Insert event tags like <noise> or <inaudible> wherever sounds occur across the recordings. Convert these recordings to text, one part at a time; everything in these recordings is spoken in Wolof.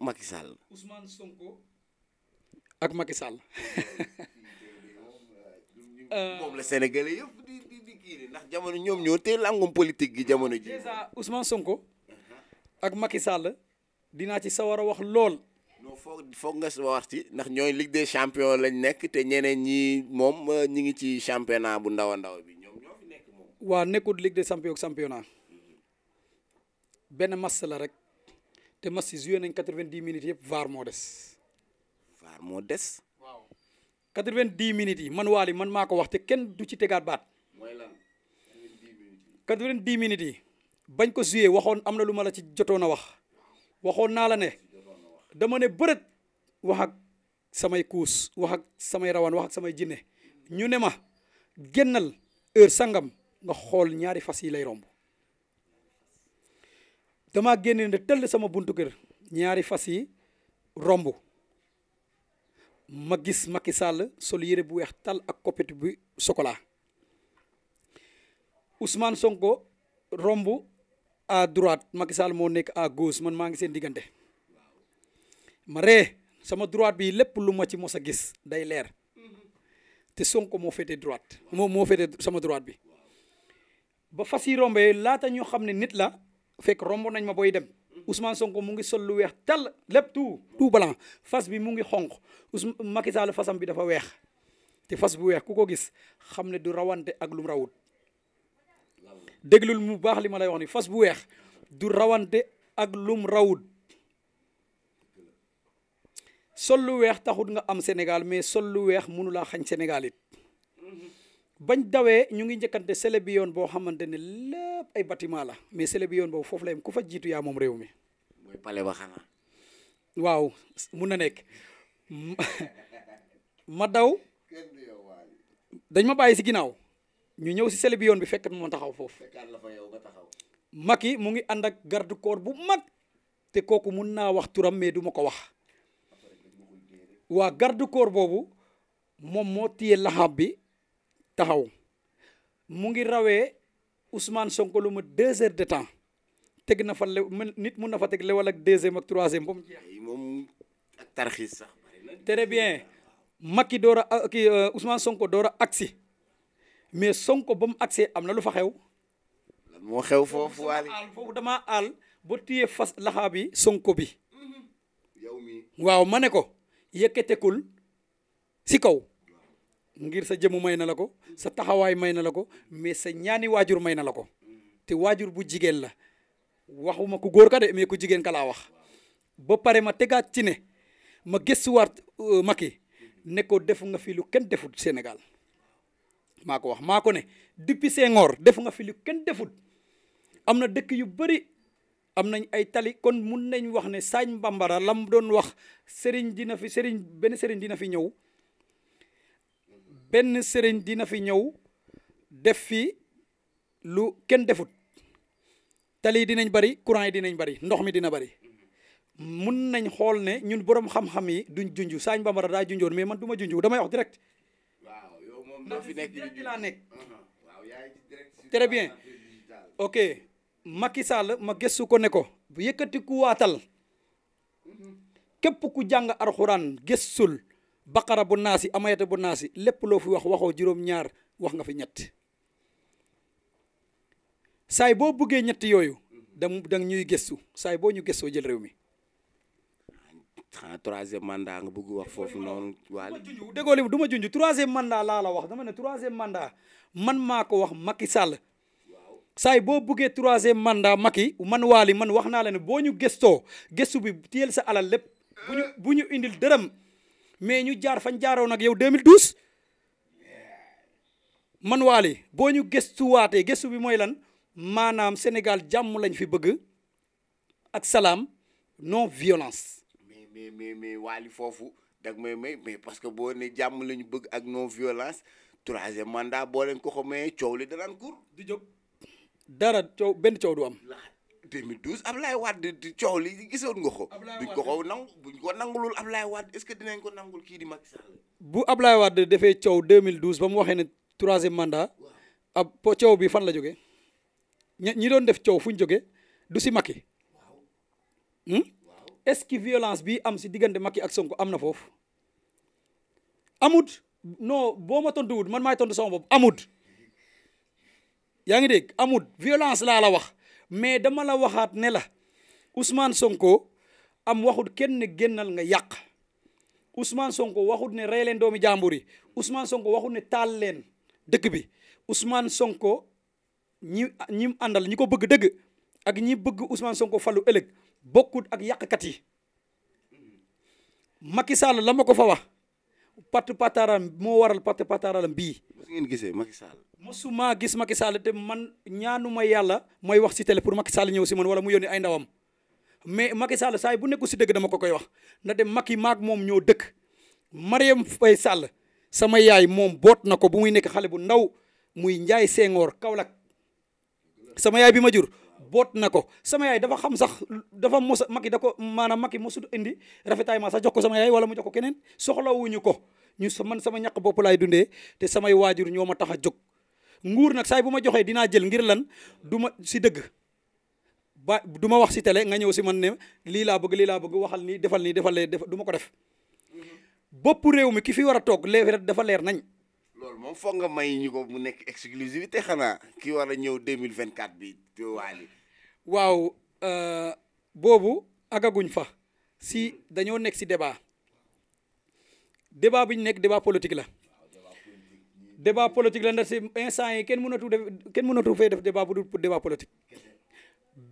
Macky Sall. Ousmane Sonko. ak Macky Sall. <laughs> Euh, moom la Sénégalais yëpp jamono ñoom ñoo teel politique gi jamono ji. dèjà Sonko. Uh-huh. ak Macky Sall dinaa ci sawar a wax lool. non foog foog nga wax ci ndax ñooy Ligue des champions lañ nekk te ñeneen ñi moom euh, ñi ngi ci championnat bu ndaw a ndaw bi ñoom waa nekkul Ligue des champions championnat mm-hmm. benn match la rek. te match si nañ quatre-vingt-dix minutes yëpp VAR moo des. VAR moo des. waaw quatre-vingt-dix minutes yi man Waly man maa ko wax te kenn du ci tegaat baat. mooy lan quatre-vingt-dix minutes yi. bañ ko joué waxoon am na lu ma la ci jotoon a wax waxoon naa la ne dama ne bërët wax ak samay kuus wax ak samay rawaan wax ak samay jinne ñu ne ma génnal heure sangam nga xool ñaari fas yi lay romb. damaa génne ne tëll sama buntu kër ñaari fas yi romb ma gis Macky Sall sol yére bu weex tal ak coppite bi sokola Ousmane Sonko romb à droite Macky Sall moo nekk à gauche man maa ngi seen diggante ma ree sama droite bi lépp lu ma ci mos a gis day leer te Sonko moo féete droite moo moo féete sama droite bi ba fas yi rombee laata ñoo xam ne nit la. fekk romb nañ ma booy dem Ousmane Sonko mu ngi sol lu weex tell lépp tout tout blanc fas bi mu ngi xonq Ousmane Macky Sall fasam bi dafa weex te fas bu weex ku ko gis xam ne du rawante ak lu mu rawut mu baax li ma lay wax ni fas bu weex du rawante ak lum rawut sol lu weex taxut nga am Sénégal mais sol lu weex mënu laa xañ Sénégal it bañ dawee ñu ngi njëkkante sele bi boo xamante ne lépp ay bâtiment la mais sele bi boobu foofu la yem ku fa jiitu yaa moom réew mi. mooy pale waaw mun na nekk ma daw dañ ma bàyyi si ginnaaw ñu ñëw si sele bi yoon bi fekk ma taxaw foofu. Macky mu ngi ànd ak garde corps bu mag te kooku mun naa wax turam mais du ma ko wax waa garde corps boobu moom moo téye laxaab bi. taxaw mu ngi rawee Ousmane Sonko lu ma deux heures de temps teg na fa le nit mun na fa teg lewal ak deuxième ak troisième ba mu jeex. moom ak tarxiis sax. très bien Macky door a euh, ki euh, Ousmane Sonko door a agsi mais Sonko ba mu agsee am na lu fa xew. moo xew foofu waale foofu damaa aal ba téye fas laxaa bi Sonko bi. mi waaw ma ne ko yëkkatekul si kaw. ngir sa jëmu may na la ko sa taxawaay may na la ko mais sa ñaani waajur may na la ko te waajur bu jigéen la waxuma ku góor ka de mais ku jigéen ka laa wax ba pare ma tegaat ci ne ma gëstuwaat euh, Macky ne ko def nga fi lu kenn defut Sénégal maa ko wax maako ko ne depuis Senghor def nga fi lu kenn defut am na dëkk yu bëri am nañ ay tali kon mun nañ wax ne Sagne mbambara lam doon wax sëriñ dina fi sëriñ benn sëriñ dina fi ñëw benn sëriñ dina fi ñëw def fi lu kenn defut tali dinañ bari courant yi dinañ bari ndox mi dina bari mun nañ xool ne ñun borom xam-xam yi duñ junj Sañ Bambara daa junjoon mais man du ma junj damay wax direct. fi nekk direct laa nekk. Uh-huh. waaw yaa très bien ok Macky ma gëstu ko ne ko. bu yëkkati ku waatal mm-hmm. képp ku jàng arxuraan gëstul. baqara bu naasi amayata bu naasi lépp loo fi wax waxoo juróom-ñaar wax nga fi ñett saay boo buggee ñett yooyu dam da ñuy gëstu saay boo ñu gëstoo jël réew mi xanaa troisième mandat nga wax foofu noonu waale junj déggoo li du ma junj troisième mandat laa la wax dama ne troisième mandat man maa ko wax Macky Sall saay boo buggee troisième mandat Macky man waali man wax naa la ne boo ñu gëstoo gëstu bi téyel sa alal lépp bu ñu indil dërëm mais ñu jaar fañ jaaroon ak yow 2012 man waale boo ñu gëstuwaatee gëstu bi mooy lan maanaam Sénégal jàmm lañu fi bëgg ak salaam non violence. mais mais mais mais foofu dag may may mais parce que boo ne jàmm lañu bëgg ak non violence troisième mandat boo leen ko xamee coow li danaan gur du jóg dara coow benn coow du am. 2012 Ablaye Wade di coow li gisoon nga ko. buñ ko ko nangu buñ ko nangulul Ablaye Wade est-ce di Macky Sall. bu Ablaye Wade defee coow 2012 ba mu waxee ne troisième mandat. ab coow bi fan la joge ña ñi doon def coow fu joge du si Macky. Hmm? est-ce violence bi am si diggante Macky ak Sonko am na foofu. amut non boo ma man maay tontu sama bopp amut. yaa ngi dégg amut violence laala wax. mais dama la waxaat ne la Ousmane Sonko am waxut kenn génnal nga yàq Ousmane Sonko waxut ne rey doomi jàmbur yi Ousmane Sonko waxut ne taal leen dëkk bi Ousmane Sonko ñi ñi mu àndal ñi ko bëgg dëgg ak ñi bëgg Ousmane Sonko falu ëllëg bokkut ak yàqkat yi Macky Sall la ma ko fa wax patt pataram moo waral patt pataram bii su ngeen gisee Macky Sall. mosuma gis Macky Sall te man ñaanuma yàlla mooy wax si tele pour Macky Sall ñëw si man wala mu yónni ay ndawam mais Macky Sall saa bu nekkul si dëgg dama ko koy wax na dem Macky maag moom ñëw dëkk Mariam Faye Sall sama yaay moom boot na ko bu muy nekk xale bu ndaw muy Njaay Senghor Kaolack sama yaay bi ma jur boot na ko sama dafa xam sax dafa mos Macky da ko maanaam Macky mosut indi rafetaay ma sax jox ko sama yaay wala mu jox ko keneen soxlawuñu ko ñu man sama ñaq bopp laay dundee te samay waajur ñoo ma tax a jóg nguur nag saay bu ma joxee dinaa jël ngir lan du ma si dëgg ba du ma wax si télé nga ñëw si man ne lii laa bëgg lii laa bëgg waxal nii defal nii defal lee def du ko def mm-hmm. bopp réew mi ki fi war a toog leer dafa leer nañ loolu moom foog nga may ñu ko mu nekk exclusivité xanaa ki war a ñëw 2024 bi waali waaw euh, boobu agaguñ fa si dañoo nekk si débat débat bi ñu nekk débat politique la débat politique la ndax si instant yi kenn mënatu def kenn mënatu fee def débat bu dul pour débat politique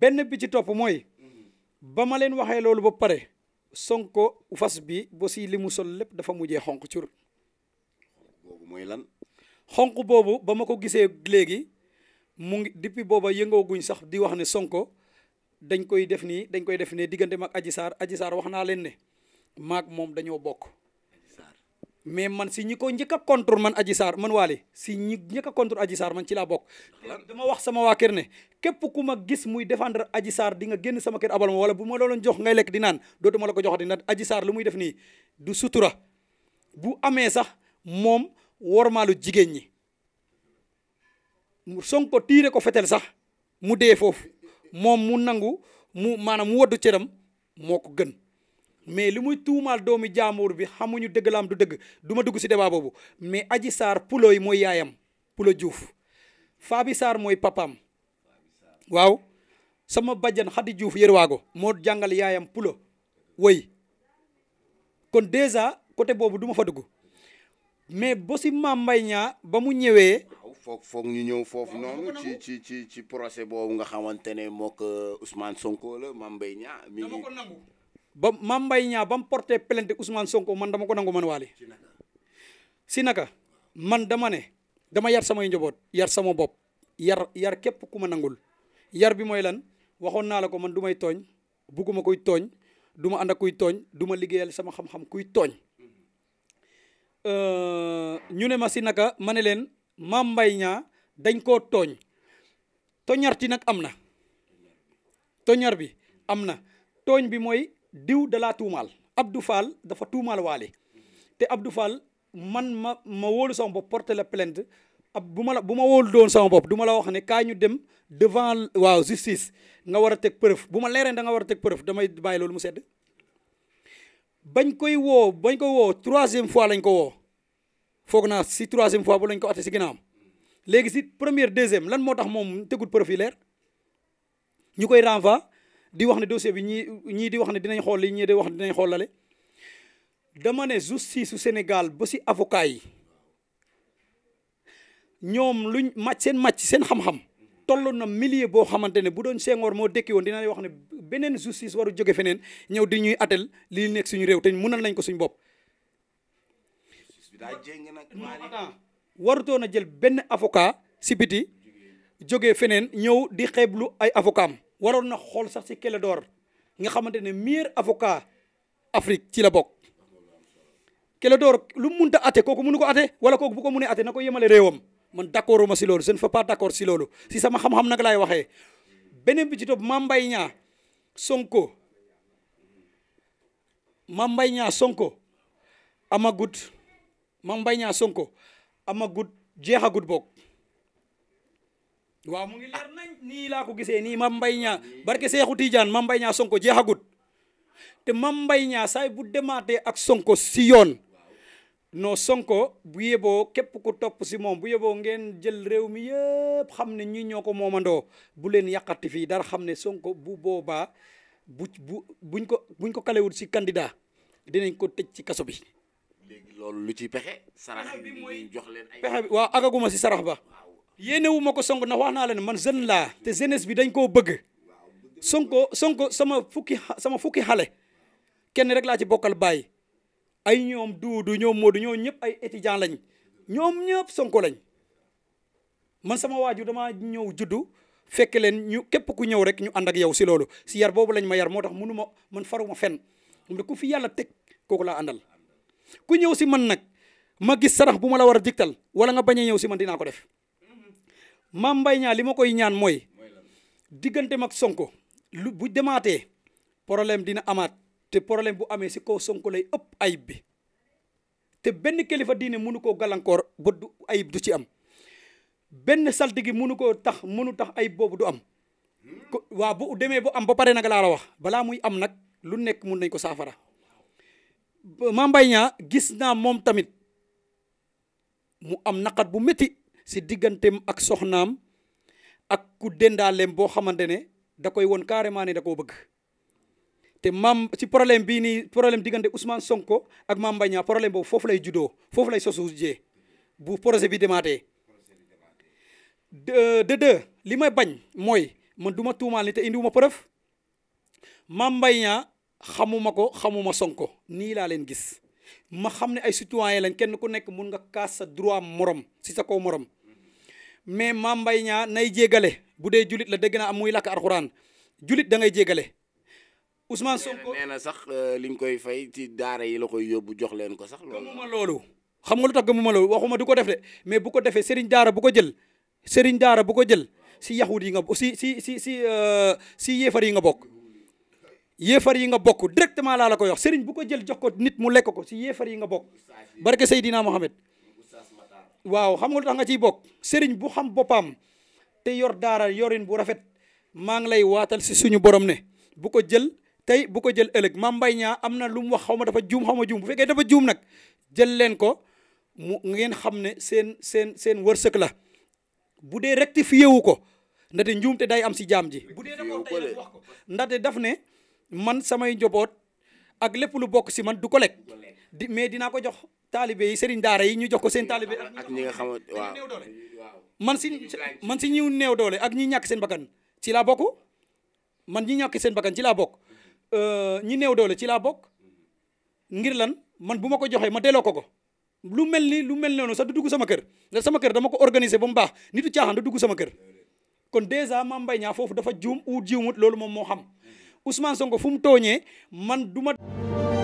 benn bi ci topp mooy ba ma leen waxee loolu ba pare sonko fas bi ba si li mu sol lépp dafa mujjee xonq cur. boobu lan. xonq boobu ba ma ko gisee léegi mu ngi depuis booba sax di wax ne Sonko dañ koy def nii dañ koy def ne diggante mag Adji Sarr Adji Sarr wax naa leen ne maak moom dañoo bokk mais man si ñi ko njëkk a contre man Adji Sarr man waale si ñi njëkk contre Adji Sarr man ci laa bokk dama wax sama waa kër ne képp ku ma gis muy défendre Adji Sarr di nga génn sama kër abal ma wala bu ma looloo jox ngay lekk di naan dootuma la ko joxati nag Adji Sarr lu muy def nii du sutura bu amee sax moom wormaalu jigéen ñi Sonko tiire ko fetel sax mu dee foofu moom mu nangu mu maanaam mu waddu cëram moo ko gën mais li muy tuumaal doomi jaamuur bi xamuñu dëgg laam du dëgg du ma dugg si débat boobu mais aji Sarr pulo yi mooy yaayam pulo Diouf Fabi Sarr mooy papam waaw sama bajjan Xadi Diouf yërwaago moo jàngal yaayam pulo woy kon déjà côté boobu duma ma fa dugg mais ba si Mame Mbaye Niang ba mu ñëwee foog foog ñu ñëw foofu noonu ci ci ci ci procès boobu nga xamante ne mook euh, Ousmane Sonko la Mame Mbaye Niang mi ngi ba Mame Mbaye Niang ba mu porté plainte Ousmane Sonko man dama ko nangu man waale si naka man dama ne dama yar samay njaboot yar sama bopp yar yar képp ku ma nangul yar bi mooy lan waxoon naa la ko man du may tooñ bugguma koy tooñ du ma ànd kuy tooñ duma liggéeyal sama xam-xam kuy tooñ mm-hmm. euh, ñu ne ma si naka ma leen Mame mbay ñaa dañ koo tooñ ti nag am na toñar bi am na tooñ bi mooy diw da laa tuumaal Abdou Fall dafa tuumaal waale te Abdou Fall man ma ma wóolu sama bopp porter la plainte ab bu ma la bu ma wóolu doon sama bopp duma la wax ne kaa ñu dem devant waaw justice nga war a teg preuve bu ma leeree da nga war a teg preuve damay bàyyi loolu mu sedd bañ koy woo bañ ko woo troisième fois lañ ko woo foog naa si troisième fois bu lañ ko atte si ginnaawam léegi si première deuxième lan moo tax moom tegut profilaire ñu koy renvoi di wax ne dossier bi ñii ñii di wax ne dinañ xool li ñii di wax ne dinañ xoolale dama ne justice su Sénégal ba si avocat yi ñoom lu màcc seen màcc seen xam-xam toll na millier boo xamante ne bu doon Senghor moo dekki woon dina lay wax ne beneen justice waru jóge feneen ñëw di ñuy atel lii nekk suñu réew mun mënal nañ ko suñu bopp warutoon a jël benn avocat si biti jógee feneen ñëw di xeeb lu ay avocat am waroon na xool sax si Clédor nga xamante ne meilleur avocat Afrique ci la bokk Clédor lu mun ta ate kooku mënu ko ate wala kooku bu ko mënee ate na ko yemale réewam man d' siloolu sen fa loolu je pas d' accord si loolu si sama xam-xam nag laay waxe beneen bi ci topp Mame Mbaye Sonko ma Mbaye Niang Sonko amagut Mame Mbaye Niang Sonko amagut jeexagut book waaw mu ngi leer nañ nii laa ko gisee nii Mame Mbaye Niang barke Seexu Tidiane Mame Mbaye Niang Sonko jeexagut te Mame Mbaye Niang saay bu demaatee ak Sonko si yoon noo Sonko bu yeboo képp ku topp si moom bu yeboo ngeen jël réew mi yëpp xam ne ñi ñoo ko moomandoo bu leen yàqati fii dara xam ne Sonko bu boobaa bu buñ ko buñ ko kalewul si candidat dinañ ko tëj ci kaso bi loolu lu ci pexe. sarax bi mooy jox leen ay. pexe waaw agaguma si sarax ba. yéene ma ko sonk ndax wax naa leen man jeune laa te jeunesse bi dañ koo bëgg. sonko sonko sama fukki sama fukki xale kenn rek laa ci bokkal baay ay ñoom duudu ñoom moodu ñoom ñëpp ay étudiant lañ ñoom ñëpp sonko lañ man sama waajur damaa ñëw juddu fekk leen ñu képp ku ñëw rek ñu ànd ak yow si loolu si yar boobu lañ ma yar moo tax mënu ma man faruma fenn mu ku fi yàlla teg kooku laa àndal ku ñëw si man nag ma gis sarax bu ma la war a digtal wala nga bañ a ñëw si man dinaa ko def Mame Mbaye Niang li ma koy ñaan mooy diggante mag Sonko lu bu demaatee poroblème dina amaat te problème bu amee si kaw Sonko lay ëpp ayib bi te benn kilifa diine mënu koo gàllankoor ba du ayib du ci am benn saltigi mënu ko tax mënu tax ayib boobu du am waa bu demee bu am ba pare nag laa wax balaa muy am nag lu nekk mun nañ ko saafara Mame Mbaye gis naa moom tamit mu am naqat bu metti si digganteem ak soxnaam ak ku dendaaleem boo xamante ne da koy woon carrément ne da koo bëgg te maam si problème bii nii problème diggante Ousmane Sonko ak Mame Mbaye problème boobu foofu lay juddoo foofu lay sosu jee bu projet bi demaatee de deux li may bañ mooy man duma ma tuumaal ni te indiwuma preuve Mame Mbaye Niang xamuma ko xamuma Sonko nii laa leen gis ma xam ne ay citoyen lañ kenn ku nekk mun nga kaas sa droit morom si sa kaw morom mais Mame Mbaye Niang nay jéggale bu dee julit la dégg naa am muy làkk alxuraan julit dangay ngay jéggale Ousmane Sonko nee sax euh, liñ koy fay ci daara yi la koy yóbbu jox leen ko sax gëmuma loolu xam nga lu tax gëmuma loolu waxuma du ko def de mais bu ko defee sëriñ daara bu ko jël sëriñ daara bu ko jël si yahud yi nga si si si si euh, si yéefar yi nga bokk yéefar yi nga bokk directement laa la koy wax sëriñ bu ko jël jox ko nit mu lekk ko si yéefar yi nga bokk barke Seydina Mohamed waaw xam nga lu tax nga ciy bokk sëriñ bu xam boppam te yor daara yorin bu rafet maa ngi lay waatal si suñu borom ne bu ko jël tey bu ko jël ëllëg ma mbay ñaa am na lu mu wax xaw ma dafa juum xaw ma juum bu fekkee dafa juum nag jël leen ko mu ngeen xam ne seen seen seen wërsëg la bu dee rectifié wu ko ndaxte njuumte day am si jaam ji bu dee da ko tey wax ko ndaxte daf ne man samay njoboot ak lépp lu bokk si man du ko lekk di mais dinaa ko jox talibe yi sëriñ daara yi ñu jox ko seen taalibe ak ñi nga xam waaw néew doole man si man si ñu néew doole ak ñi ñàkk seen bakkan ci laa bokk man ñi ñàkk seen bakkan ci laa bokk mm-hmm. euh, ñi new doole ci laa bokk mm-hmm. ngir lan man bu ma ko joxee ma delloo ko ko lu mel ni lu mel ne noonu sax du dugg sama kër ndax sama kër dama ko organiser ba mu baax nitu caaxaan du dugg sama kër kon dèjà Mame Mbaye foofu dafa juum ou juumut loolu moom moo xam Ousmane Sonko fu mu tooñee man duma